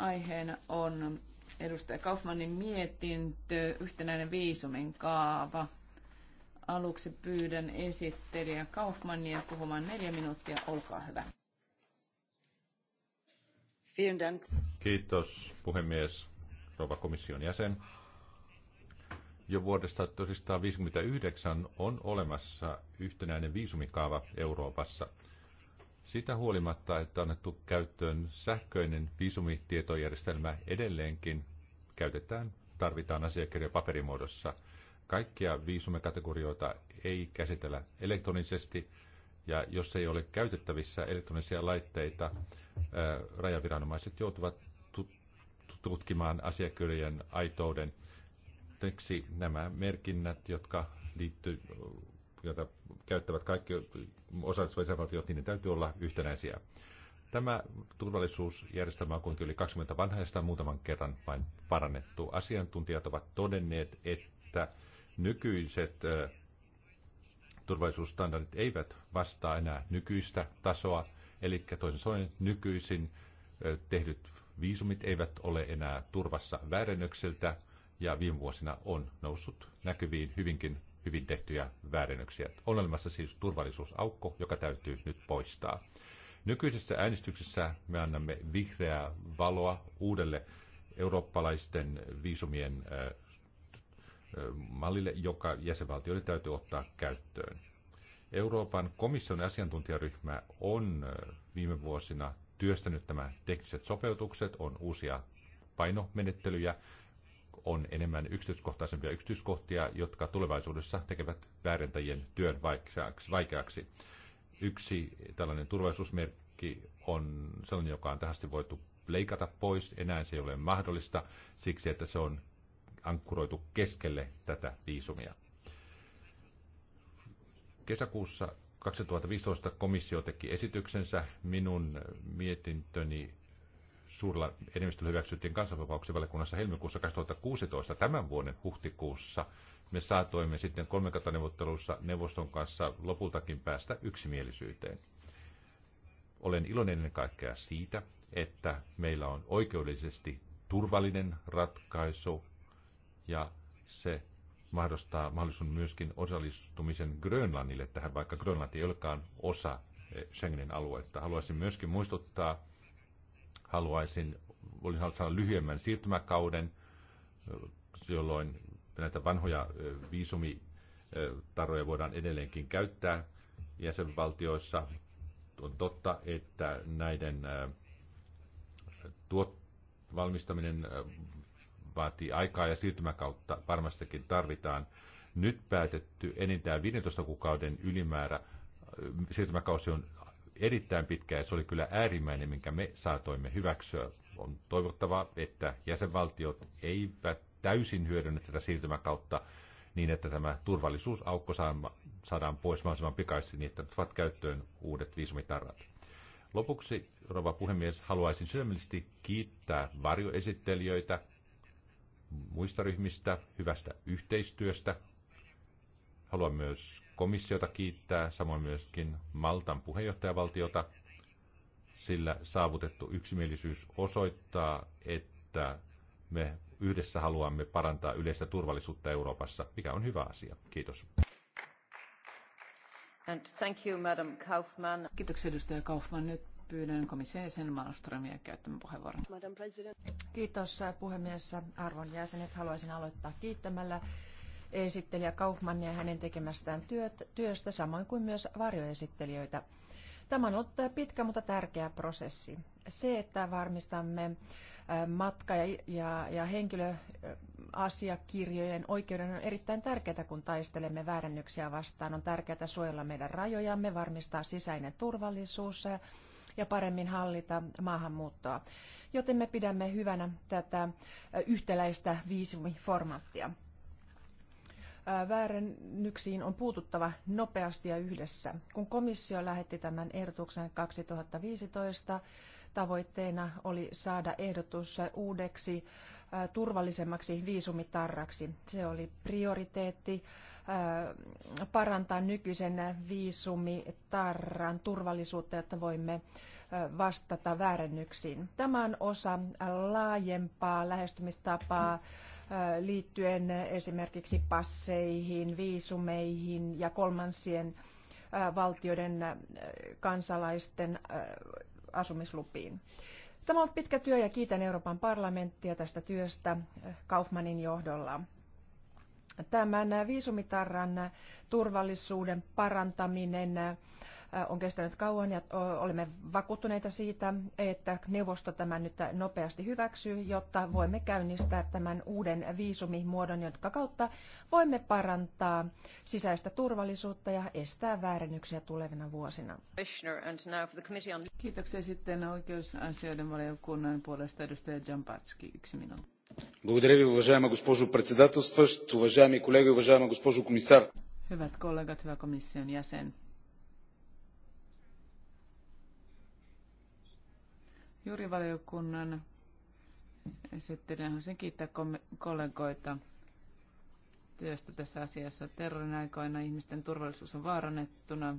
Aiheena on edustaja Kaufmannin mietintö, yhtenäinen viisumin kaava. Aluksi pyydän esittelijä Kaufmannia puhumaan neljä minuuttia. Olkaa hyvä. Kiitos puhemies, rouva komission jäsen. Jo vuodesta 1959 on olemassa yhtenäinen viisumikaava Euroopassa. Sitä huolimatta, että on annettu käyttöön sähköinen viisumitietojärjestelmä edelleenkin käytetään, tarvitaan asiakirja paperimuodossa. Kaikkia viisumikategorioita ei käsitellä elektronisesti, ja jos ei ole käytettävissä elektronisia laitteita, rajaviranomaiset joutuvat tutkimaan asiakirjojen aitouden. teksi nämä merkinnät, jotka liittyvät, joita käyttävät kaikki osallistuvat niin ne täytyy olla yhtenäisiä. Tämä turvallisuusjärjestelmä on kuitenkin yli 20 vanhaista muutaman kerran vain parannettu. Asiantuntijat ovat todenneet, että nykyiset turvallisuusstandardit eivät vastaa enää nykyistä tasoa, eli toisin sanoen nykyisin tehdyt viisumit eivät ole enää turvassa väärennökseltä, ja viime vuosina on noussut näkyviin hyvinkin hyvin tehtyjä väärennöksiä. On olemassa siis turvallisuusaukko, joka täytyy nyt poistaa. Nykyisessä äänestyksessä me annamme vihreää valoa uudelle eurooppalaisten viisumien mallille, joka jäsenvaltioiden täytyy ottaa käyttöön. Euroopan komission asiantuntijaryhmä on viime vuosina työstänyt tämä tekniset sopeutukset, on uusia painomenettelyjä, on enemmän yksityiskohtaisempia yksityiskohtia, jotka tulevaisuudessa tekevät väärentäjien työn vaikeaksi. Yksi tällainen turvallisuusmerkki on sellainen, joka on tähän asti voitu leikata pois. Enää se ei ole mahdollista siksi, että se on ankkuroitu keskelle tätä viisumia. Kesäkuussa 2015 komissio teki esityksensä. Minun mietintöni suurella enemmistöllä hyväksyttiin kansanvapauksen valiokunnassa helmikuussa 2016 tämän vuoden huhtikuussa. Me saatoimme sitten kolmikantaneuvotteluissa neuvoston kanssa lopultakin päästä yksimielisyyteen. Olen iloinen ennen kaikkea siitä, että meillä on oikeudellisesti turvallinen ratkaisu ja se mahdollistaa mahdollisuuden myöskin osallistumisen Grönlannille tähän, vaikka Grönlanti ei olekaan osa eh, Schengenin aluetta. Haluaisin myöskin muistuttaa haluaisin, olisin halunnut saada lyhyemmän siirtymäkauden, jolloin näitä vanhoja viisumitaroja voidaan edelleenkin käyttää jäsenvaltioissa. On totta, että näiden tuot valmistaminen vaatii aikaa ja siirtymäkautta varmastikin tarvitaan. Nyt päätetty enintään 15 kuukauden ylimäärä siirtymäkausi on erittäin pitkä ja se oli kyllä äärimmäinen, minkä me saatoimme hyväksyä. On toivottavaa, että jäsenvaltiot eivät täysin hyödynnä tätä siirtymäkautta niin, että tämä turvallisuusaukko saadaan pois mahdollisimman pikaisesti niin, että ovat käyttöön uudet viisumitarrat. Lopuksi, rouva puhemies, haluaisin sydämellisesti kiittää varjoesittelijöitä muista ryhmistä hyvästä yhteistyöstä Haluan myös komissiota kiittää, samoin myöskin Maltan puheenjohtajavaltiota, sillä saavutettu yksimielisyys osoittaa, että me yhdessä haluamme parantaa yleistä turvallisuutta Euroopassa, mikä on hyvä asia. Kiitos. And thank you, Madam Kaufman. Kiitoksia, edustaja Kaufman. Nyt pyydän komission jäsen Malmströmiä käyttämään puheenvuoron. Madam President. Kiitos äh, puhemies. Arvon jäsenet, haluaisin aloittaa kiittämällä esittelijä Kaufmannia hänen tekemästään työstä, samoin kuin myös varjoesittelijöitä. Tämä on ollut pitkä, mutta tärkeä prosessi. Se, että varmistamme matka- ja, ja, ja henkilöasiakirjojen oikeuden on erittäin tärkeää, kun taistelemme väärännyksiä vastaan. On tärkeää suojella meidän rajojamme, varmistaa sisäinen turvallisuus ja paremmin hallita maahanmuuttoa. Joten me pidämme hyvänä tätä yhtäläistä viisumiformaattia väärennyksiin on puututtava nopeasti ja yhdessä. Kun komissio lähetti tämän ehdotuksen 2015, tavoitteena oli saada ehdotus uudeksi turvallisemmaksi viisumitarraksi. Se oli prioriteetti parantaa nykyisen viisumitarran turvallisuutta, jotta voimme vastata väärennyksiin. Tämä on osa laajempaa lähestymistapaa mm liittyen esimerkiksi passeihin, viisumeihin ja kolmansien valtioiden kansalaisten asumislupiin. Tämä on pitkä työ ja kiitän Euroopan parlamenttia tästä työstä Kaufmanin johdolla. Tämän viisumitarran turvallisuuden parantaminen on kestänyt kauan ja olemme vakuuttuneita siitä, että neuvosto tämän nyt nopeasti hyväksyy, jotta voimme käynnistää tämän uuden viisumimuodon, jonka kautta voimme parantaa sisäistä turvallisuutta ja estää väärennyksiä tulevina vuosina. Kiitoksia sitten oikeusasioiden valiokunnan puolesta edustaja Jampatski, yksi minuutti. Благодаря ви, уважаема госпожо председателстващ, уважаеми колеги, уважаема госпожо комисар. Hyvät kollegat, hyvä komission jäsen. juurivaliokunnan esittelijän haluaisin kiittää kollegoita työstä tässä asiassa. Terrorin aikoina ihmisten turvallisuus on vaarannettuna.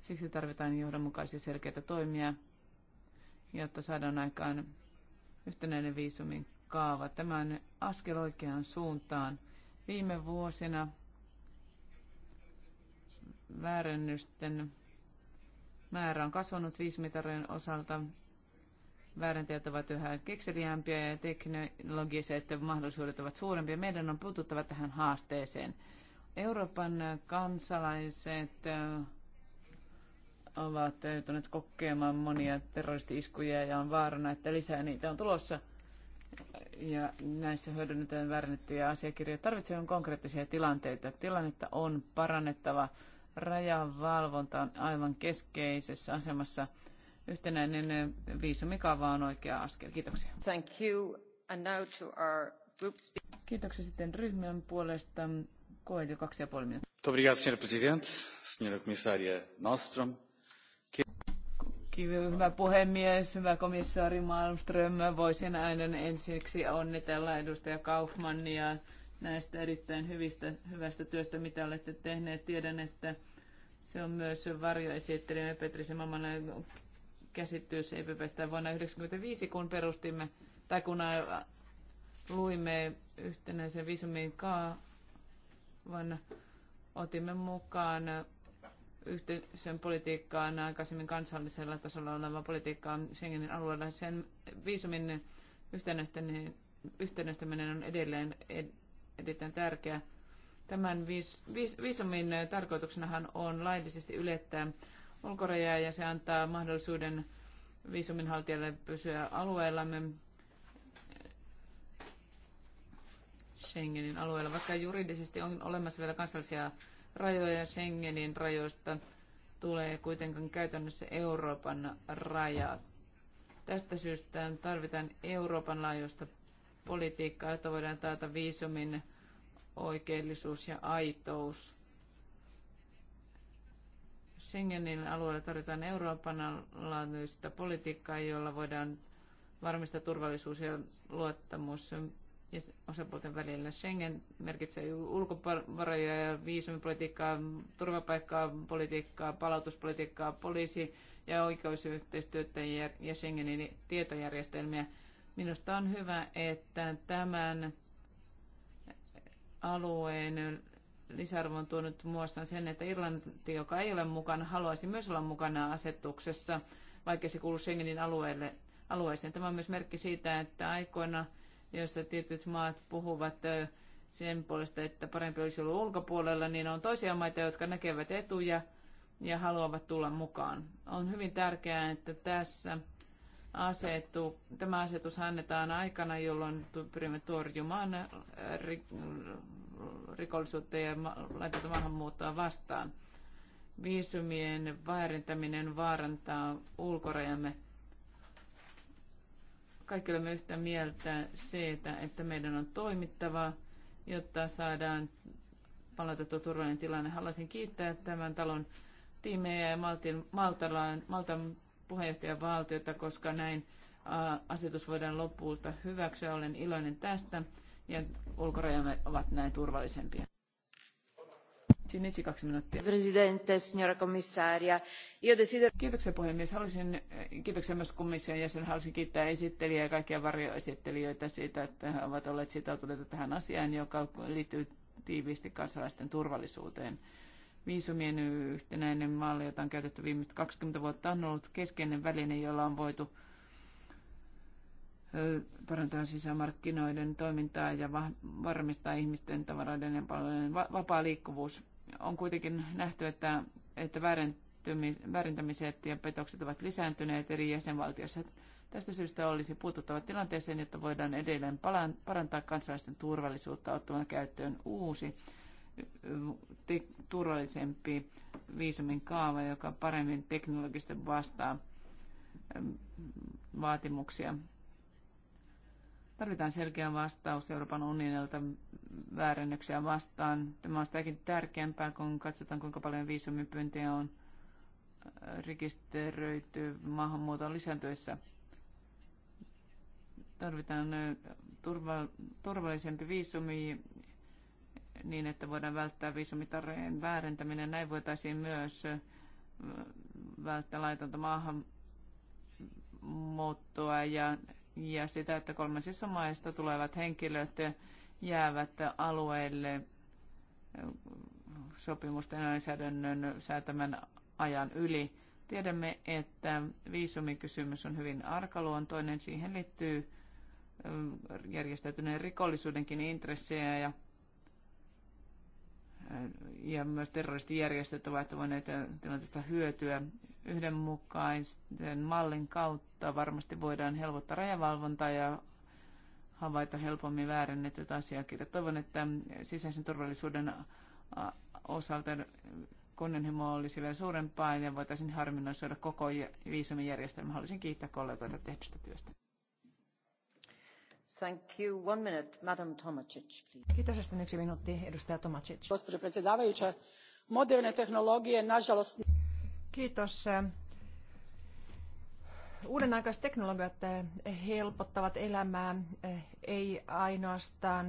Siksi tarvitaan johdonmukaisia selkeitä toimia, jotta saadaan aikaan yhtenäinen viisumin kaava. Tämä on askel oikeaan suuntaan. Viime vuosina väärennysten määrä on kasvanut viisumitarjojen osalta vääränteet ovat yhä kekseliämpiä ja teknologiset mahdollisuudet ovat suurempia. Meidän on puututtava tähän haasteeseen. Euroopan kansalaiset äh, ovat joutuneet kokemaan monia terroristi-iskuja ja on vaarana, että lisää niitä on tulossa. Ja näissä hyödynnetään väärennettyjä asiakirjoja. Tarvitsee konkreettisia tilanteita. Tilannetta on parannettava. Rajavalvonta on aivan keskeisessä asemassa yhtenäinen viisumikaava on oikea askel. Kiitoksia. Thank you. And now to our groups. Kiitoksia sitten ryhmän puolesta. Koelio, kaksi ja puoli minuuttia. Obrigado, senhor presidente, senhora comissária Malmström. Hyvä puhemies, hyvä komissaari Malmström. Voisin aina ensiksi onnitella edustaja Kaufmannia näistä erittäin hyvistä, hyvästä työstä, mitä olette tehneet. Tiedän, että se on myös varjoesittelijä Petri Semamalle käsitys EPPstä vuonna 1995, kun perustimme tai kun äh, luimme yhtenäisen kaa, vaan otimme mukaan yhteisön politiikkaan aikaisemmin kansallisella tasolla olevaan politiikkaan Schengenin alueella. Sen viisumin yhtenäistäminen on edelleen erittäin tärkeä. Tämän viisumin tarkoituksenahan on laillisesti ylettää ulkorajaa ja se antaa mahdollisuuden viisuminhaltijalle pysyä alueellamme Schengenin alueella. Vaikka juridisesti on olemassa vielä kansallisia rajoja Schengenin rajoista, tulee kuitenkin käytännössä Euroopan rajat. Tästä syystä tarvitaan Euroopan laajuista politiikkaa, jotta voidaan taata viisumin oikeellisuus ja aitous. Schengenin alueella tarvitaan Euroopan laajuista politiikkaa, jolla voidaan varmistaa turvallisuus ja luottamus osapuolten välillä. Schengen merkitsee ulkovaroja ja viisumipolitiikkaa, turvapaikkaa, politiikkaa, palautuspolitiikkaa, poliisi- ja oikeusyhteistyötä ja Schengenin tietojärjestelmiä. Minusta on hyvä, että tämän alueen lisäarvon tuonut muassa sen, että Irlanti, joka ei ole mukana, haluaisi myös olla mukana asetuksessa, vaikka se kuuluu Schengenin alueelle, alueeseen. Tämä on myös merkki siitä, että aikoina, joissa tietyt maat puhuvat sen puolesta, että parempi olisi ollut ulkopuolella, niin on toisia maita, jotka näkevät etuja ja haluavat tulla mukaan. On hyvin tärkeää, että tässä asetu, tämä asetus annetaan aikana, jolloin pyrimme torjumaan rikollisuutta ja laitonta maahanmuuttoa vastaan. Viisumien väärentäminen vaarantaa ulkorajamme. Kaikki olemme yhtä mieltä siitä, että meidän on toimittava, jotta saadaan palautettu turvallinen tilanne. Haluaisin kiittää tämän talon tiimejä ja Maltin, Maltalan, Maltan puheenjohtajan valtiota, koska näin asetus voidaan lopulta hyväksyä. Olen iloinen tästä ja ulkorajamme ovat näin turvallisempia. Presidente, signora commissaria. Io desidero... Kiitoksia puhemies. Haluaisin, eh, kiitoksia myös komission jäsen. Haluaisin kiittää esittelijää ja kaikkia varjoesittelijöitä siitä, että he ovat olleet sitoutuneita tähän asiaan, joka liittyy tiiviisti kansalaisten turvallisuuteen. Viisumien yhtenäinen malli, jota on käytetty viimeiset 20 vuotta, on ollut keskeinen väline, jolla on voitu parantaa sisämarkkinoiden toimintaa ja varmistaa ihmisten tavaroiden ja palveluiden vapaa liikkuvuus. On kuitenkin nähty, että, että väärintämiset ja petokset ovat lisääntyneet eri jäsenvaltioissa. Tästä syystä olisi puututtava tilanteeseen, jotta voidaan edelleen parantaa kansalaisten turvallisuutta ottamaan käyttöön uusi turvallisempi viisumin kaava, joka paremmin teknologisesti vastaa vaatimuksia Tarvitaan selkeä vastaus Euroopan unionilta väärännyksiä vastaan. Tämä on sitäkin tärkeämpää, kun katsotaan, kuinka paljon viisumipyyntöjä on rekisteröity maahanmuuton lisääntyessä. Tarvitaan turva, turvallisempi viisumi niin, että voidaan välttää viisumitarjojen väärentäminen. Näin voitaisiin myös välttää laitonta maahanmuuttoa ja ja sitä, että kolmansissa maista tulevat henkilöt jäävät alueelle sopimusten ja lainsäädännön säätämän ajan yli. Tiedämme, että viisumikysymys on hyvin arkaluontoinen. Siihen liittyy järjestäytyneen rikollisuudenkin intressejä ja, ja myös terroristijärjestöt ovat voineet tilanteesta hyötyä yhdenmukaisen mallin kautta varmasti voidaan helpottaa rajavalvontaa ja havaita helpommin väärennetyt asiakirjat. Toivon, että sisäisen turvallisuuden osalta kunnianhimo olisi vielä suurempaa ja voitaisiin harminoisoida koko järjestelmä. Haluaisin kiittää kollegoita tehdystä työstä. Thank you. One minute, Madam Tomacic, please. Kiitos, yksi minuutti, edustaja Tomacic. Gospođo predsjedavajuća, moderne tehnologije, nažalost... Kiitos. Uuden aikaiset teknologiat helpottavat elämää ei ainoastaan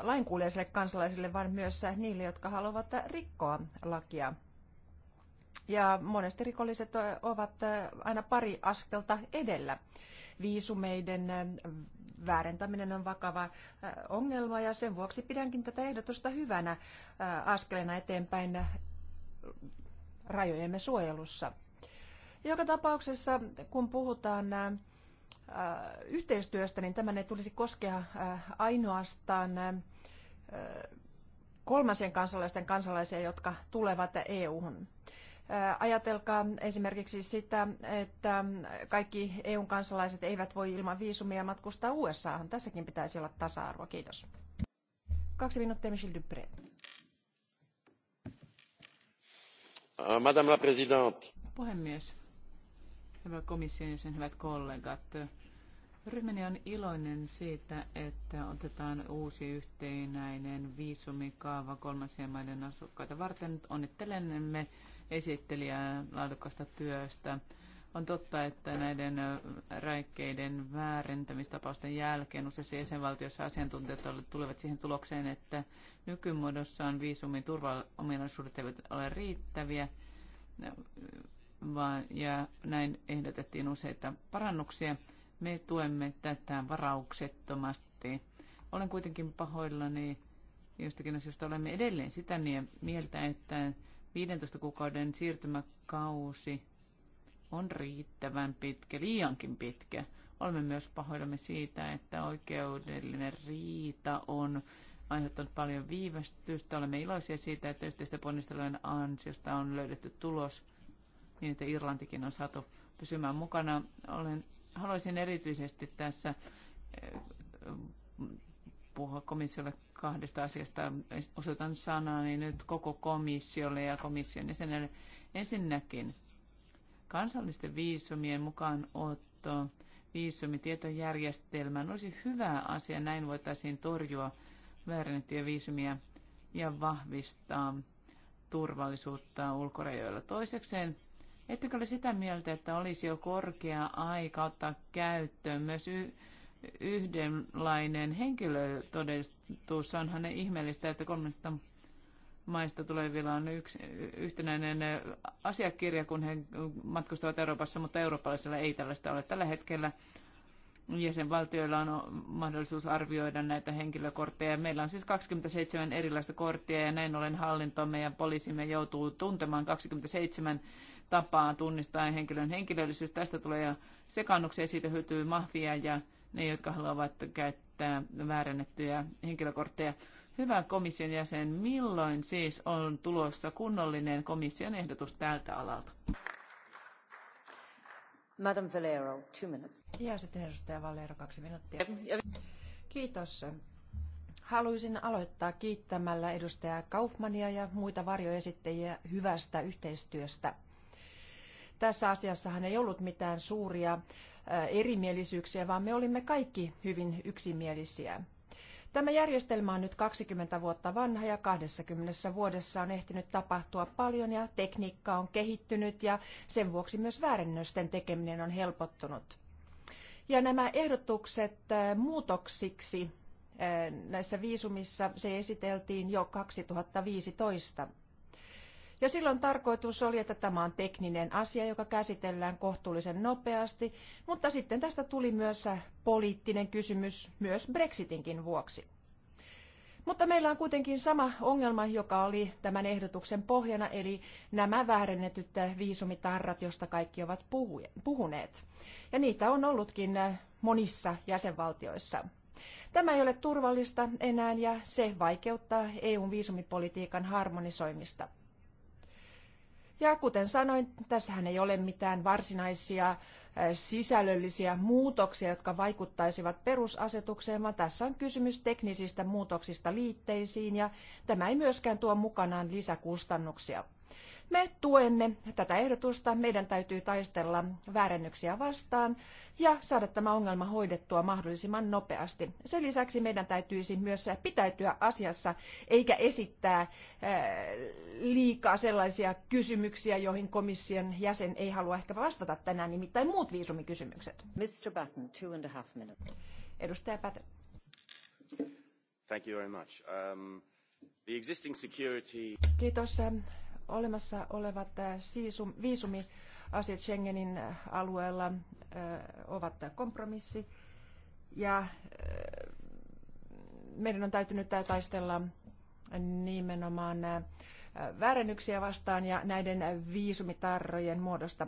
lainkuuliaisille kansalaisille, vaan myös niille, jotka haluavat rikkoa lakia. Ja monesti rikolliset ovat aina pari askelta edellä. Viisumeiden väärentäminen on vakava ongelma ja sen vuoksi pidänkin tätä ehdotusta hyvänä askeleena eteenpäin rajojemme suojelussa. Joka tapauksessa, kun puhutaan ä, yhteistyöstä, niin tämän ei tulisi koskea ä, ainoastaan ä, kolmansien kansalaisten kansalaisia, jotka tulevat EU-hun. Ajatelkaa esimerkiksi sitä, että kaikki EUn kansalaiset eivät voi ilman viisumia matkustaa USAhan. Tässäkin pitäisi olla tasa-arvo. Kiitos. Kaksi minuuttia Michel Dupré. Euh, arvoisa Puhemies. Hyvä komission jäsen hyvät kollegat. Ryhmäni on iloinen siitä, että otetaan uusi yhtenäinen viisumikaava kolmansien maiden asukkaita varten. Onnittelemme esittelijää laadukasta työstä. On totta, että näiden räikkeiden väärentämistapausten jälkeen useissa jäsenvaltioissa asiantuntijat tulevat siihen tulokseen, että nykymuodossaan viisumin turvaominaisuudet eivät ole riittäviä, vaan, ja näin ehdotettiin useita parannuksia. Me tuemme tätä varauksettomasti. Olen kuitenkin pahoillani jostakin asioista olemme edelleen sitä mieltä, että 15 kuukauden siirtymäkausi on riittävän pitkä, liiankin pitkä. Olemme myös pahoillamme siitä, että oikeudellinen riita on aiheuttanut paljon viivästystä. Olemme iloisia siitä, että yhteistä ponnistelujen ansiosta on löydetty tulos niin, että Irlantikin on saatu pysymään mukana. Olen, haluaisin erityisesti tässä eh, puhua komissiolle kahdesta asiasta. Osoitan sanaa niin nyt koko komissiolle ja komission jäsenelle. Ensinnäkin Kansallisten viisumien mukaanotto viisumitietojärjestelmään olisi hyvä asia. Näin voitaisiin torjua väärennettyjä viisumia ja vahvistaa turvallisuutta ulkorajoilla. Toisekseen, ettekö ole sitä mieltä, että olisi jo korkea aika ottaa käyttöön myös y- yhdenlainen henkilötodistus? Onhan ne ihmeellistä, että 300 maista vielä on yksi, yhtenäinen asiakirja, kun he matkustavat Euroopassa, mutta eurooppalaisilla ei tällaista ole tällä hetkellä. Jäsenvaltioilla on mahdollisuus arvioida näitä henkilökortteja. Meillä on siis 27 erilaista korttia ja näin ollen hallintomme ja poliisimme joutuu tuntemaan 27 tapaa tunnistaa henkilön henkilöllisyys. Tästä tulee sekannuksia, siitä hyötyy mafia ja ne, jotka haluavat käyttää väärennettyjä henkilökortteja. Hyvä komission jäsen, milloin siis on tulossa kunnollinen komission ehdotus tältä alalta? Madam Valero, two minutes. Ja sitten edustaja Valero, kaksi minuuttia. Kiitos. Haluaisin aloittaa kiittämällä edustaja Kaufmania ja muita varjoesittäjiä hyvästä yhteistyöstä. Tässä asiassahan ei ollut mitään suuria erimielisyyksiä, vaan me olimme kaikki hyvin yksimielisiä. Tämä järjestelmä on nyt 20 vuotta vanha ja 20 vuodessa on ehtinyt tapahtua paljon ja tekniikka on kehittynyt ja sen vuoksi myös väärennösten tekeminen on helpottunut. Ja nämä ehdotukset äh, muutoksiksi äh, näissä viisumissa se esiteltiin jo 2015. Ja silloin tarkoitus oli, että tämä on tekninen asia, joka käsitellään kohtuullisen nopeasti, mutta sitten tästä tuli myös poliittinen kysymys myös Brexitinkin vuoksi. Mutta meillä on kuitenkin sama ongelma, joka oli tämän ehdotuksen pohjana, eli nämä väärennetyt viisumitarrat, josta kaikki ovat puhuneet. Ja niitä on ollutkin monissa jäsenvaltioissa. Tämä ei ole turvallista enää ja se vaikeuttaa EUn viisumipolitiikan harmonisoimista. Ja kuten sanoin, tässähän ei ole mitään varsinaisia äh, sisällöllisiä muutoksia, jotka vaikuttaisivat perusasetukseen, vaan tässä on kysymys teknisistä muutoksista liitteisiin ja tämä ei myöskään tuo mukanaan lisäkustannuksia. Me tuemme tätä ehdotusta. Meidän täytyy taistella väärennyksiä vastaan ja saada tämä ongelma hoidettua mahdollisimman nopeasti. Sen lisäksi meidän täytyisi myös pitäytyä asiassa eikä esittää eh, liikaa sellaisia kysymyksiä, joihin komission jäsen ei halua ehkä vastata tänään, nimittäin muut viisumikysymykset. Mr. Batten, two and a half Edustaja Batten. Thank you very much. Um, the existing security... Kiitos eh, olemassa olevat äh, viisumiasiat Schengenin äh, alueella äh, ovat kompromissi ja meidän on täytynyt taistella nimenomaan väärennyksiä vastaan ja näiden viisumitarrojen muodosta.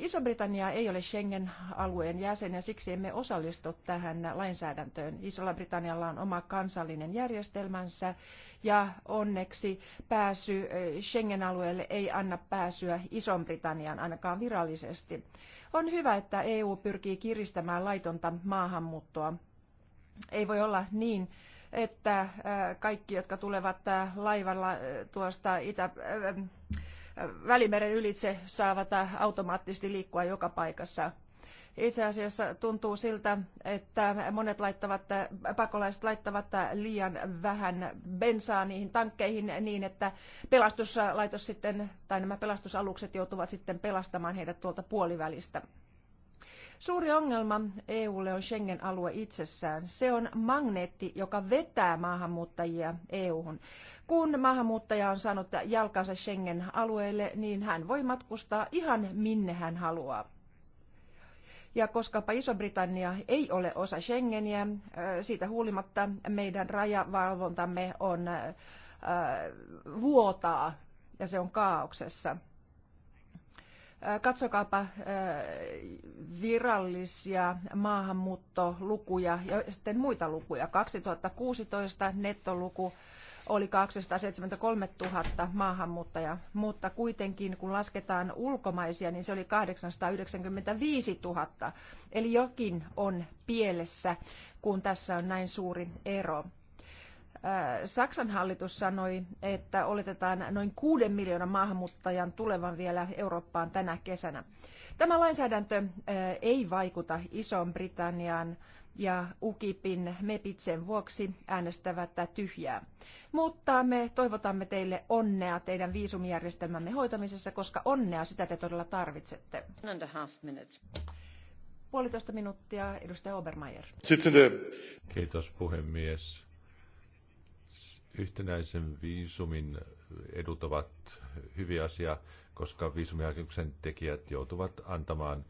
Iso-Britannia ei ole Schengen-alueen jäsen ja siksi emme osallistu tähän lainsäädäntöön. Isolla-Britannialla on oma kansallinen järjestelmänsä ja onneksi pääsy Schengen-alueelle ei anna pääsyä Iso-Britanniaan ainakaan virallisesti. On hyvä, että EU pyrkii kiristämään laitonta maahanmuuttoa. Ei voi olla niin, että äh, kaikki, jotka tulevat äh, laivalla äh, tuosta Itä, Välimeren ylitse, saavat automaattisesti liikkua joka paikassa. Itse asiassa tuntuu siltä, että monet laittavat, pakolaiset laittavat liian vähän bensaa niihin tankkeihin niin, että pelastuslaitos sitten, tai nämä pelastusalukset joutuvat sitten pelastamaan heidät tuolta puolivälistä. Suuri ongelma EUlle on Schengen-alue itsessään. Se on magneetti, joka vetää maahanmuuttajia EUhun. Kun maahanmuuttaja on saanut jalkansa Schengen-alueelle, niin hän voi matkustaa ihan minne hän haluaa. Ja koska Iso-Britannia ei ole osa Schengeniä, siitä huolimatta meidän rajavalvontamme on vuotaa ja se on kaauksessa. Katsokaapa virallisia maahanmuuttolukuja ja sitten muita lukuja. 2016 nettoluku oli 273 000 maahanmuuttajaa, mutta kuitenkin kun lasketaan ulkomaisia, niin se oli 895 000. Eli jokin on pielessä, kun tässä on näin suuri ero. Äh, Saksan hallitus sanoi, että oletetaan noin kuuden miljoonan maahanmuuttajan tulevan vielä Eurooppaan tänä kesänä. Tämä lainsäädäntö äh, ei vaikuta Isoon Britanniaan ja UKIPin mepitsen vuoksi äänestävät tyhjää. Mutta me toivotamme teille onnea teidän viisumijärjestelmämme hoitamisessa, koska onnea sitä te todella tarvitsette. And a half Puolitoista minuuttia, edustaja Obermeier. Kiitos puhemies yhtenäisen viisumin edut ovat hyviä asia, koska viisumihakemuksen tekijät joutuvat antamaan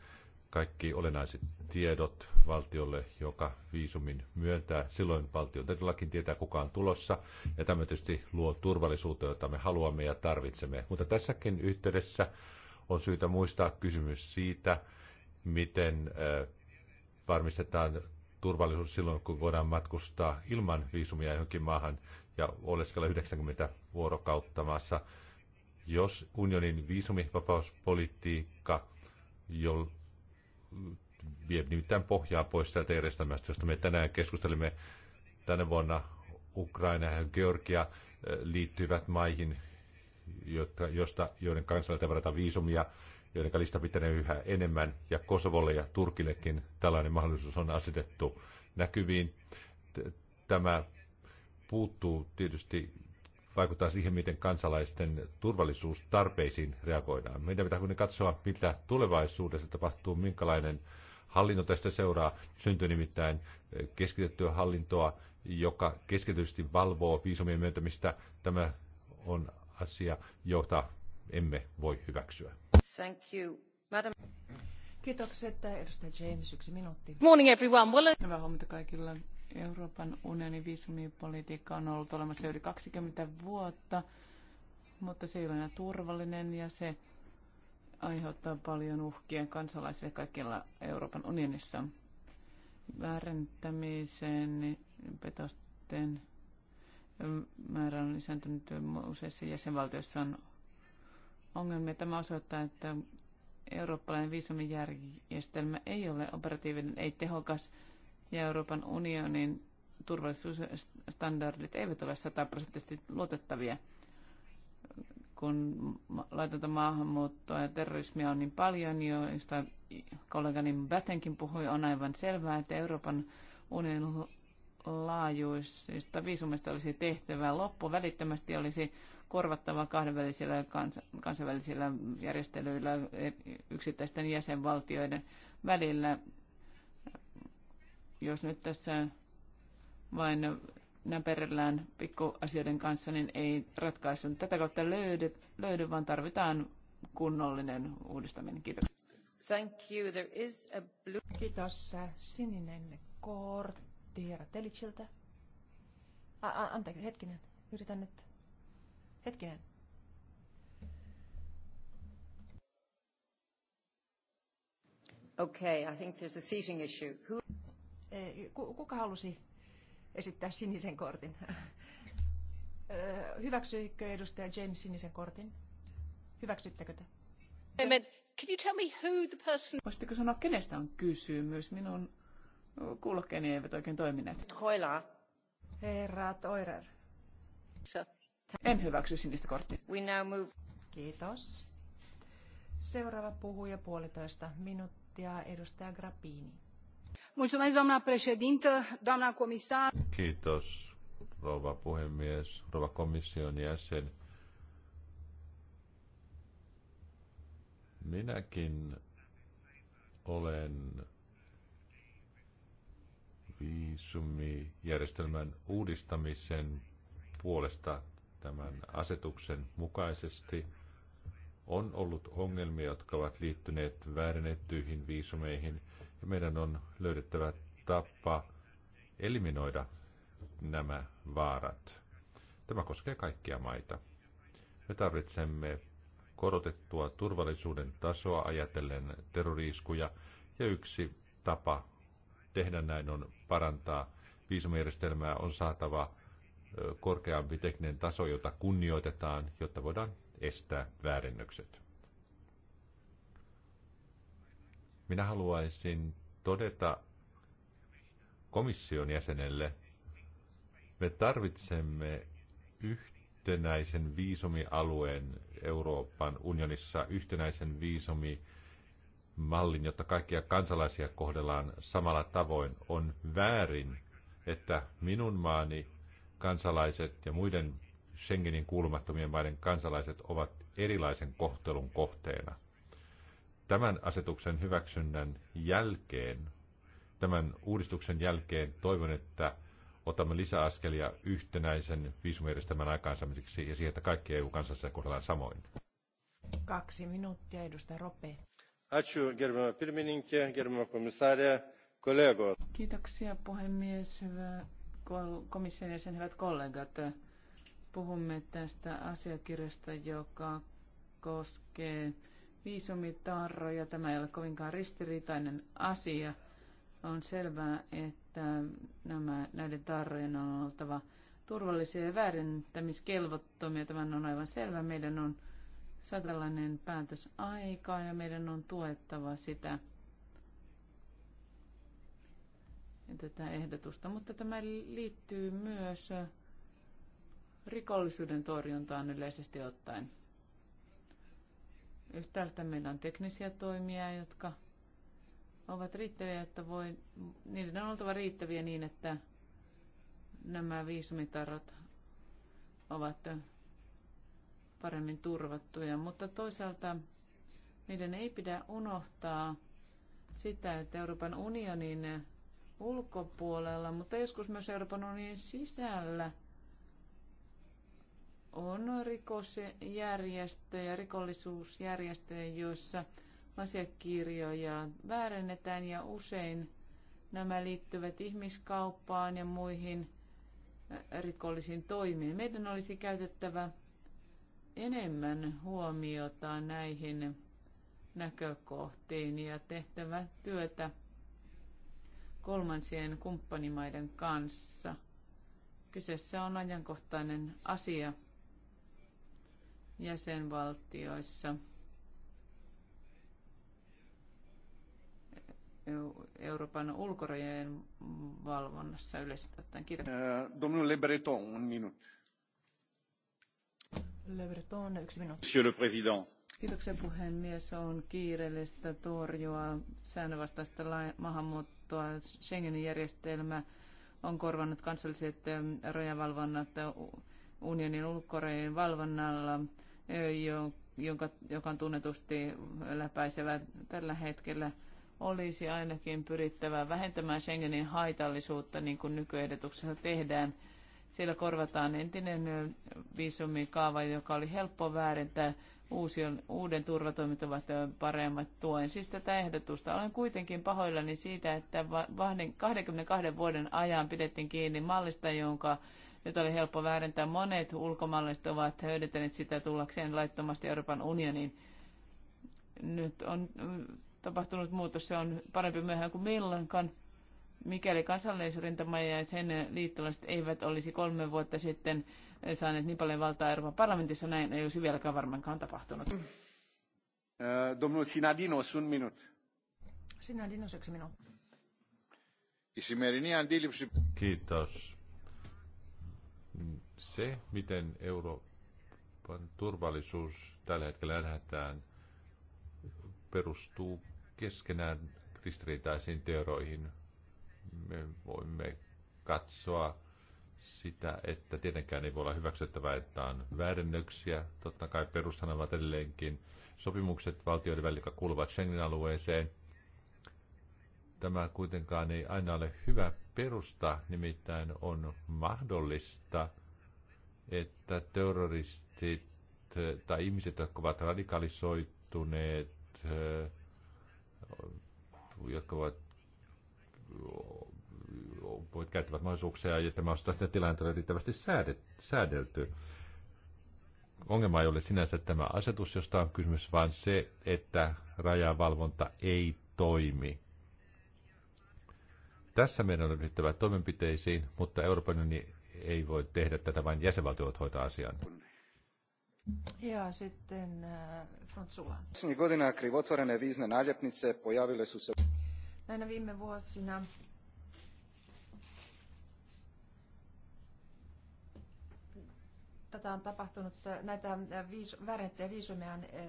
kaikki olennaiset tiedot valtiolle, joka viisumin myöntää. Silloin valtio todellakin tietää, kuka on tulossa, ja tämä tietysti luo turvallisuutta, jota me haluamme ja tarvitsemme. Mutta tässäkin yhteydessä on syytä muistaa kysymys siitä, miten äh, varmistetaan turvallisuus silloin, kun voidaan matkustaa ilman viisumia johonkin maahan ja oleskella 90 vuorokautta maassa. Jos unionin viisumivapauspolitiikka jo vie nimittäin pohjaa pois sieltä järjestelmästä, josta me tänään keskustelimme tänä vuonna Ukraina ja Georgia eh, liittyvät maihin, jotka, josta, joiden kansalaisilta varataan viisumia, joiden lista pitänee yhä enemmän, ja Kosovolle ja Turkillekin tällainen mahdollisuus on asetettu näkyviin. Tämä puuttuu tietysti vaikuttaa siihen, miten kansalaisten turvallisuustarpeisiin reagoidaan. Meidän pitää kuitenkin katsoa, mitä tulevaisuudessa tapahtuu, minkälainen hallinto tästä seuraa. Syntyy nimittäin eh, keskitettyä hallintoa, joka keskitysti valvoo viisumien myöntämistä. Tämä on asia, jota emme voi hyväksyä. Thank you. Madam. Kiitokset, edustaja James, yksi minuutti. Morning everyone. Well... Hyvää huomenta kaikille. Euroopan unionin viisumipolitiikka on ollut olemassa yli 20 vuotta, mutta se ei ole enää turvallinen ja se aiheuttaa paljon uhkia kansalaisille kaikilla Euroopan unionissa. Väärentämisen, petosten määrä on lisääntynyt useissa jäsenvaltioissa on ongelmia. Tämä osoittaa, että eurooppalainen viisumijärjestelmä ei ole operatiivinen, ei tehokas – ja Euroopan unionin turvallisuusstandardit eivät ole sataprosenttisesti luotettavia, kun laitonta maahanmuuttoa ja terrorismia on niin paljon, joista kollegani Batenkin puhui, on aivan selvää, että Euroopan unionin laajuisista viisumista olisi tehtävä loppu välittömästi olisi korvattava kahdenvälisillä kans- kansainvälisillä järjestelyillä yksittäisten jäsenvaltioiden välillä jos nyt tässä vain näperellään pikkuasioiden kanssa, niin ei ratkaisun tätä kautta löydy, löydy vaan tarvitaan kunnollinen uudistaminen. Kiitos. Thank you. There is a blue... Kiitos. Sininen kortti herra Teliciltä. anteeksi, hetkinen. Yritän nyt. Hetkinen. Okay, I think there's a seating issue. Who... Kuka halusi esittää sinisen kortin? Hyväksyikö edustaja Jane sinisen kortin? Hyväksyttekö te? Can you tell me who the person... Voisitteko sanoa, kenestä on kysymys? Minun no, kuulokkeeni eivät oikein toimineet. Hoilaa. Herra Toirer. En hyväksy sinistä korttia. We now move. Kiitos. Seuraava puhuja puolitoista minuuttia, edustaja Grappini doamnă președintă, doamnă comisar. Kiitos, rouva puhemies, rouva komission jäsen. Minäkin olen viisumijärjestelmän uudistamisen puolesta tämän asetuksen mukaisesti. On ollut ongelmia, jotka ovat liittyneet väärennettyihin viisumeihin – ja meidän on löydettävä tapa eliminoida nämä vaarat. Tämä koskee kaikkia maita. Me tarvitsemme korotettua turvallisuuden tasoa ajatellen terroriiskuja, ja yksi tapa tehdä näin on parantaa viisumijärjestelmää, on saatava korkeampi tekninen taso, jota kunnioitetaan, jotta voidaan estää väärennökset. Minä haluaisin todeta komission jäsenelle, me tarvitsemme yhtenäisen viisomialueen Euroopan unionissa, yhtenäisen viisomi mallin, jotta kaikkia kansalaisia kohdellaan samalla tavoin, on väärin, että minun maani kansalaiset ja muiden Schengenin kuulumattomien maiden kansalaiset ovat erilaisen kohtelun kohteena tämän asetuksen hyväksynnän jälkeen, tämän uudistuksen jälkeen toivon, että otamme lisäaskelia yhtenäisen viisumijärjestelmän aikaansaamiseksi ja siihen, että kaikki eu kansalaiset kohdellaan samoin. Kaksi minuuttia, edustaja Rope. Ačiū, gerbiama pirmininkė, gerbiama komisarė, kollegos. Kiitoksia puhemies, hyvä komission jäsen, hyvät kollegat. Puhumme tästä asiakirjasta, joka koskee ja Tämä ei ole kovinkaan ristiriitainen asia. On selvää, että nämä, näiden tarrojen on oltava turvallisia ja väärentämiskelvottomia. Tämän on aivan selvä. Meidän on saada päätös aikaa ja meidän on tuettava sitä tätä ehdotusta. Mutta tämä liittyy myös rikollisuuden torjuntaan yleisesti ottaen. Yhtäältä meillä on teknisiä toimia, jotka ovat riittäviä, että voi, niiden on oltava riittäviä niin, että nämä viisumitarrat ovat paremmin turvattuja. Mutta toisaalta meidän ei pidä unohtaa sitä, että Euroopan unionin ulkopuolella, mutta joskus myös Euroopan unionin sisällä – on rikosjärjestöjä, rikollisuusjärjestöjä, joissa asiakirjoja väärennetään ja usein nämä liittyvät ihmiskauppaan ja muihin rikollisiin toimiin. Meidän olisi käytettävä enemmän huomiota näihin näkökohtiin ja tehtävä työtä kolmansien kumppanimaiden kanssa. Kyseessä on ajankohtainen asia – jäsenvaltioissa Euroopan ulkorajojen valvonnassa yleisesti ottaen. Kiitos. Le Breton, un minut. Le Breton, yksi minuutti. Monsieur le Président. Kiitoksia puhemies. On kiireellistä torjua säännönvastaista maahanmuuttoa. Schengenin järjestelmä on korvannut kansalliset rajavalvonnat unionin ulkorajojen valvonnalla jonka, joka on tunnetusti läpäisevä tällä hetkellä, olisi ainakin pyrittävä vähentämään Schengenin haitallisuutta, niin kuin nykyehdotuksessa tehdään. Siellä korvataan entinen viisumikaava, joka oli helppo väärentää. Uusi on, uuden turvatoimit ovat paremmat tuen. Siis tätä ehdotusta olen kuitenkin pahoillani siitä, että 22 vuoden ajan pidettiin kiinni mallista, jonka jota oli helppo väärentää. Monet ulkomaalaiset ovat hyödyntäneet sitä tullakseen laittomasti Euroopan unioniin. Nyt on mm, tapahtunut muutos, se on parempi myöhään kuin milloinkaan. Mikäli kansallisrintama ja sen liittolaiset eivät olisi kolme vuotta sitten saaneet niin paljon valtaa Euroopan parlamentissa, näin ei olisi vieläkään varmaankaan tapahtunut. Eh, domnul Sinadino, sun minut. Sinadino, yksi minuutti. Kiitos se, miten Euroopan turvallisuus tällä hetkellä nähdään, perustuu keskenään ristiriitaisiin teoroihin. Me voimme katsoa sitä, että tietenkään ei voi olla hyväksyttävää, että on väärennöksiä. Totta kai perustana ovat edelleenkin sopimukset valtioiden välillä, jotka kuuluvat Schengen-alueeseen. Tämä kuitenkaan ei aina ole hyvä perusta, nimittäin on mahdollista – että terroristit eh, tai ihmiset, jotka ovat radikalisoituneet, eh, jotka ovat voit käyttävät mahdollisuuksia ja tämä on sitä tilannetta riittävästi säädelty. Ongelma ei ole sinänsä tämä asetus, josta on kysymys, vaan se, että rajavalvonta ei toimi. Tässä meidän on ryhdyttävä toimenpiteisiin, mutta Euroopan unioni ei voi tehdä tätä, vain jäsenvaltiot hoitaa asian. Ja sitten äh, Fronsula. godina krivotvorene vizne naljepnice pojavile su se... Näinä viime vuosina tätä on tapahtunut, näitä viis, väärennettyjä viisumia on äh,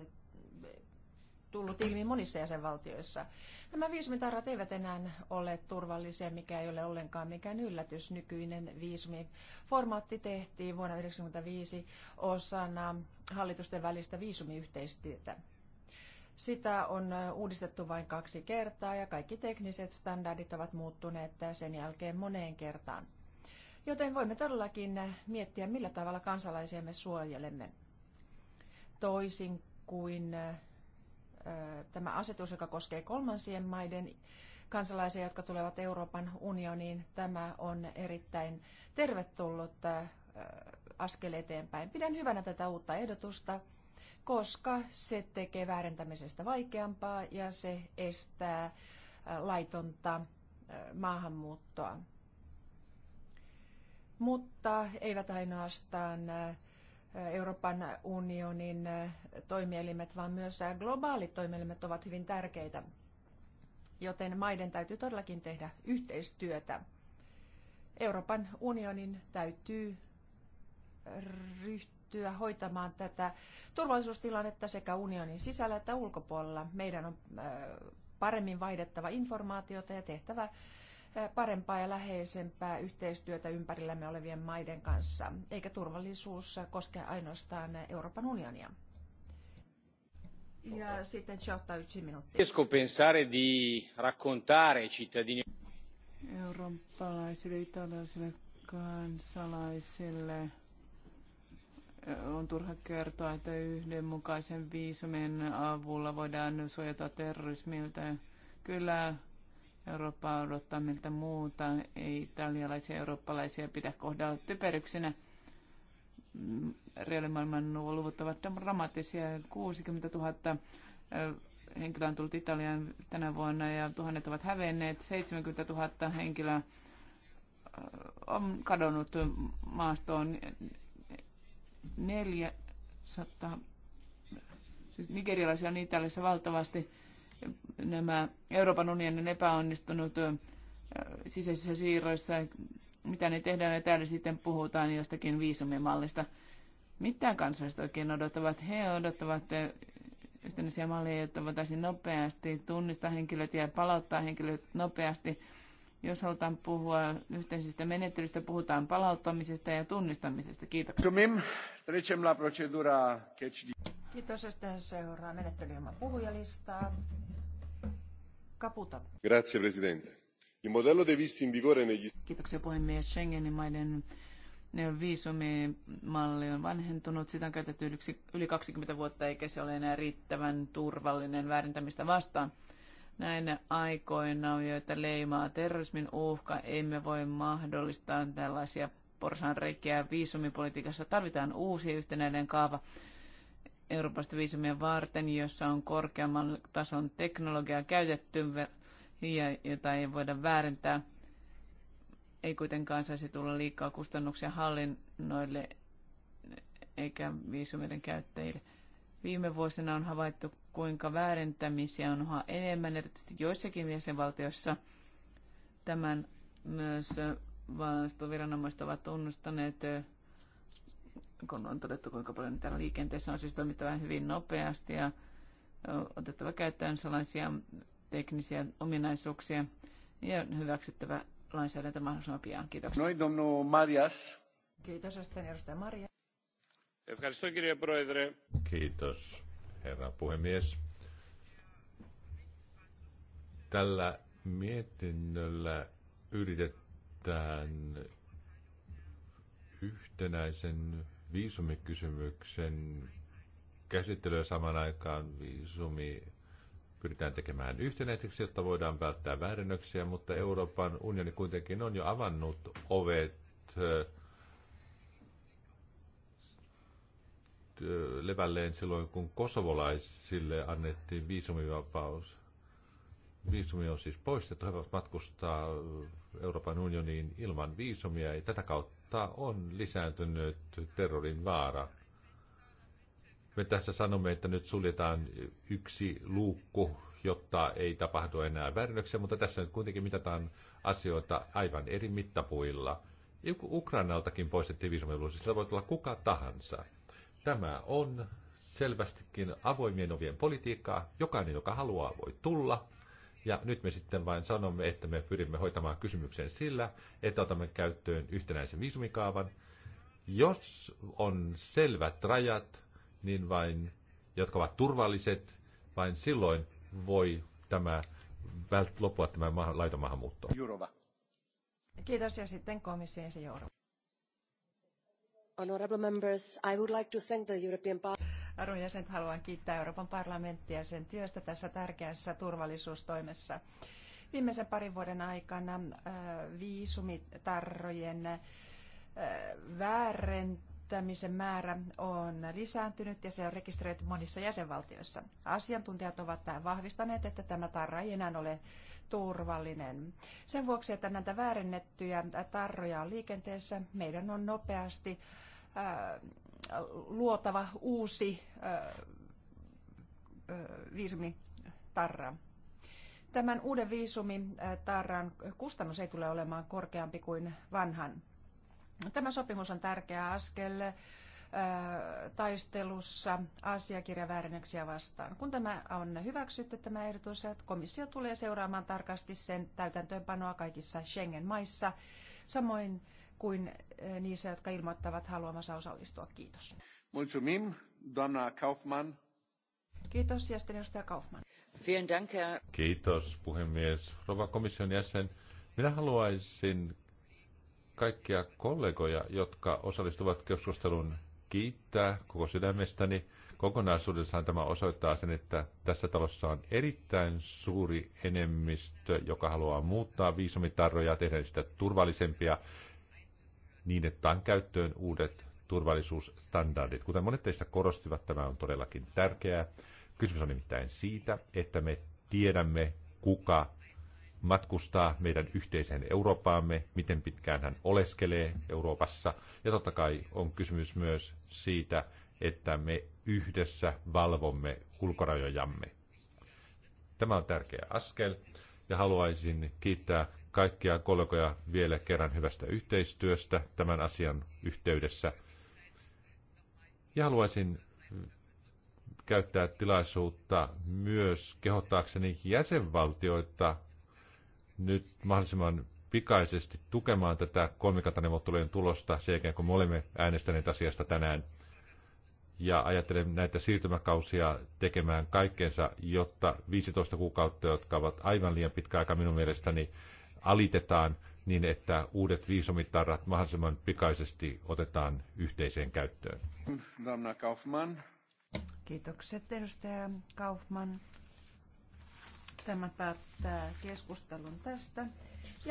tullut ilmi monissa jäsenvaltioissa. Nämä viisumitarrat eivät enää ole turvallisia, mikä ei ole ollenkaan mikään yllätys. Nykyinen viisumiformaatti tehtiin vuonna 1995 osana hallitusten välistä viisumiyhteistyötä. Sitä on uudistettu vain kaksi kertaa ja kaikki tekniset standardit ovat muuttuneet sen jälkeen moneen kertaan. Joten voimme todellakin miettiä, millä tavalla kansalaisiamme suojelemme. Toisin kuin tämä asetus, joka koskee kolmansien maiden kansalaisia, jotka tulevat Euroopan unioniin, tämä on erittäin tervetullut askel eteenpäin. Pidän hyvänä tätä uutta ehdotusta, koska se tekee väärentämisestä vaikeampaa ja se estää laitonta maahanmuuttoa. Mutta eivät ainoastaan Euroopan unionin toimielimet, vaan myös globaalit toimielimet ovat hyvin tärkeitä, joten maiden täytyy todellakin tehdä yhteistyötä. Euroopan unionin täytyy ryhtyä hoitamaan tätä turvallisuustilannetta sekä unionin sisällä että ulkopuolella. Meidän on paremmin vaihdettava informaatiota ja tehtävä parempaa ja läheisempää yhteistyötä ympärillämme olevien maiden kanssa, eikä turvallisuus koske ainoastaan Euroopan unionia. Ja sitten Chotta yksi minuutti. pensare di raccontare cittadini... Eurooppalaisille, italialaisille kansalaisille on turha kertoa, että yhdenmukaisen viisumin avulla voidaan suojata terrorismilta. Kyllä Eurooppaa odottaa miltä muuta. Ei italialaisia ja eurooppalaisia pidä kohdalla typeryksinä. Mm, reaalimaailman luvut ovat dramaattisia. 60 000 henkilöä on tullut Italiaan tänä vuonna ja tuhannet ovat hävenneet. 70 000 henkilöä on kadonnut maastoon. 400, siis nigerialaisia on Italiassa valtavasti nämä Euroopan unionin epäonnistunut sisäisissä siirroissa, mitä ne tehdään ja täällä sitten puhutaan jostakin viisumimallista. Mitä kansalaiset oikein odottavat? He odottavat yhtenäisiä malleja, jotta voitaisiin nopeasti tunnistaa henkilöt ja palauttaa henkilöt nopeasti. Jos halutaan puhua yhteisistä menettelystä, puhutaan palauttamisesta ja tunnistamisesta. Kiitoksia. Kiitos. että seuraa menettely puhujalistaa. Caputa. Grazie, presidente. Il modello dei visti in vigore negli... Kiitoksia puhemies. Schengenin maiden eh, viisumimalli on vanhentunut. Sitä on käytetty yli 20 vuotta, eikä se ole enää riittävän turvallinen väärintämistä vastaan. Näinä aikoina, joita leimaa terrorismin uhka, emme voi mahdollistaa tällaisia porsaanreikiä viisumipolitiikassa. Tarvitaan uusi yhtenäinen kaava Euroopasta viisumia varten, jossa on korkeamman tason teknologiaa käytetty ja jota ei voida väärentää. Ei kuitenkaan saisi tulla liikaa kustannuksia hallinnoille eikä viisumien käyttäjille. Viime vuosina on havaittu, kuinka väärentämisiä on yhä enemmän, erityisesti joissakin jäsenvaltioissa. Tämän myös vastuuviranomaiset ovat tunnustaneet kun on todettu, kuinka paljon täällä liikenteessä on siis toimittava hyvin nopeasti ja otettava käyttöön sellaisia teknisiä ominaisuuksia ja hyväksyttävä lainsäädäntö mahdollisimman pian. Kiitoksia. Noin domno Marias. Kiitos, sitten edustaja Maria. Kiitos, herra puhemies. Tällä mietinnöllä yritetään yhtenäisen viisumikysymyksen käsittelyä saman aikaan. Viisumi pyritään tekemään yhtenäiseksi, jotta voidaan välttää väärennöksiä, mutta Euroopan unioni kuitenkin on jo avannut ovet levälleen silloin, kun kosovolaisille annettiin viisumivapaus viisumi on siis poistettu, he voivat matkustaa Euroopan unioniin ilman viisumia, ja tätä kautta on lisääntynyt terrorin vaara. Me tässä sanomme, että nyt suljetaan yksi luukku, jotta ei tapahdu enää väärännöksiä, mutta tässä nyt kuitenkin mitataan asioita aivan eri mittapuilla. Ukrainaltakin poistettiin viisumiluus, siis sillä voi tulla kuka tahansa. Tämä on selvästikin avoimien ovien politiikkaa. Jokainen, joka haluaa, voi tulla ja nyt me sitten vain sanomme, että me pyrimme hoitamaan kysymyksen sillä, että otamme käyttöön yhtenäisen viisumikaavan. Jos on selvät rajat, niin vain, jotka ovat turvalliset, vain silloin voi tämä vält, lopua tämä laiton maahanmuutto. Jurova. Kiitos ja sitten komission se Honorable members, I would like to thank the European Parliament Arvon jäsen haluan kiittää Euroopan parlamenttia sen työstä tässä tärkeässä turvallisuustoimessa. Viimeisen parin vuoden aikana äh, viisumitarrojen äh, väärentämisen määrä on lisääntynyt ja se on rekisteröity monissa jäsenvaltioissa. Asiantuntijat ovat vahvistaneet, että tämä tarra ei enää ole turvallinen. Sen vuoksi, että näitä väärennettyjä tarroja on liikenteessä, meidän on nopeasti äh, Äh, luotava uusi äh, äh, viisumitarra. Tämän uuden viisumitarran kustannus ei tule olemaan korkeampi kuin vanhan. Tämä sopimus on tärkeä askel taistelussa asiakirjaväärennöksiä vastaan. Kun tämä on hyväksytty, tämä ehdotus, että komissio tulee seuraamaan tarkasti sen täytäntöönpanoa kaikissa Schengen-maissa, samoin kuin eh, niissä, jotka ilmoittavat haluamansa osallistua. Kiitos. Mulțumim, doamna Kaufmann. Kiitos, ja sitten edustaja Kaufmann. Kiitos, puhemies. Rova komission jäsen, minä haluaisin kaikkia kollegoja, jotka osallistuvat keskusteluun, kiittää koko sydämestäni. Kokonaisuudessaan tämä osoittaa sen, että tässä talossa on erittäin suuri enemmistö, joka haluaa muuttaa viisumitarroja, tehdä sitä turvallisempia niin, että on käyttöön uudet turvallisuusstandardit. Kuten monet teistä korostivat, tämä on todellakin tärkeää. Kysymys on nimittäin siitä, että me tiedämme, kuka matkustaa meidän yhteiseen Eurooppaamme, miten pitkään hän oleskelee Euroopassa. Ja totta kai on kysymys myös siitä, että me yhdessä valvomme ulkorajojamme. Tämä on tärkeä askel ja haluaisin kiittää kaikkia kollegoja vielä kerran hyvästä yhteistyöstä tämän asian yhteydessä. Ja haluaisin käyttää tilaisuutta myös kehottaakseni jäsenvaltioita nyt mahdollisimman pikaisesti tukemaan tätä kolmikantaneuvottelujen tulosta sen jälkeen, kun me olemme äänestäneet asiasta tänään. Ja ajattelen näitä siirtymäkausia tekemään kaikkeensa, jotta 15 kuukautta, jotka ovat aivan liian pitkä aika minun mielestäni, alitetaan niin, että uudet viisumitarrat mahdollisimman pikaisesti otetaan yhteiseen käyttöön. Damna Kaufmann. Kiitokset edustaja Kaufmann. Tämä päättää keskustelun tästä. Ja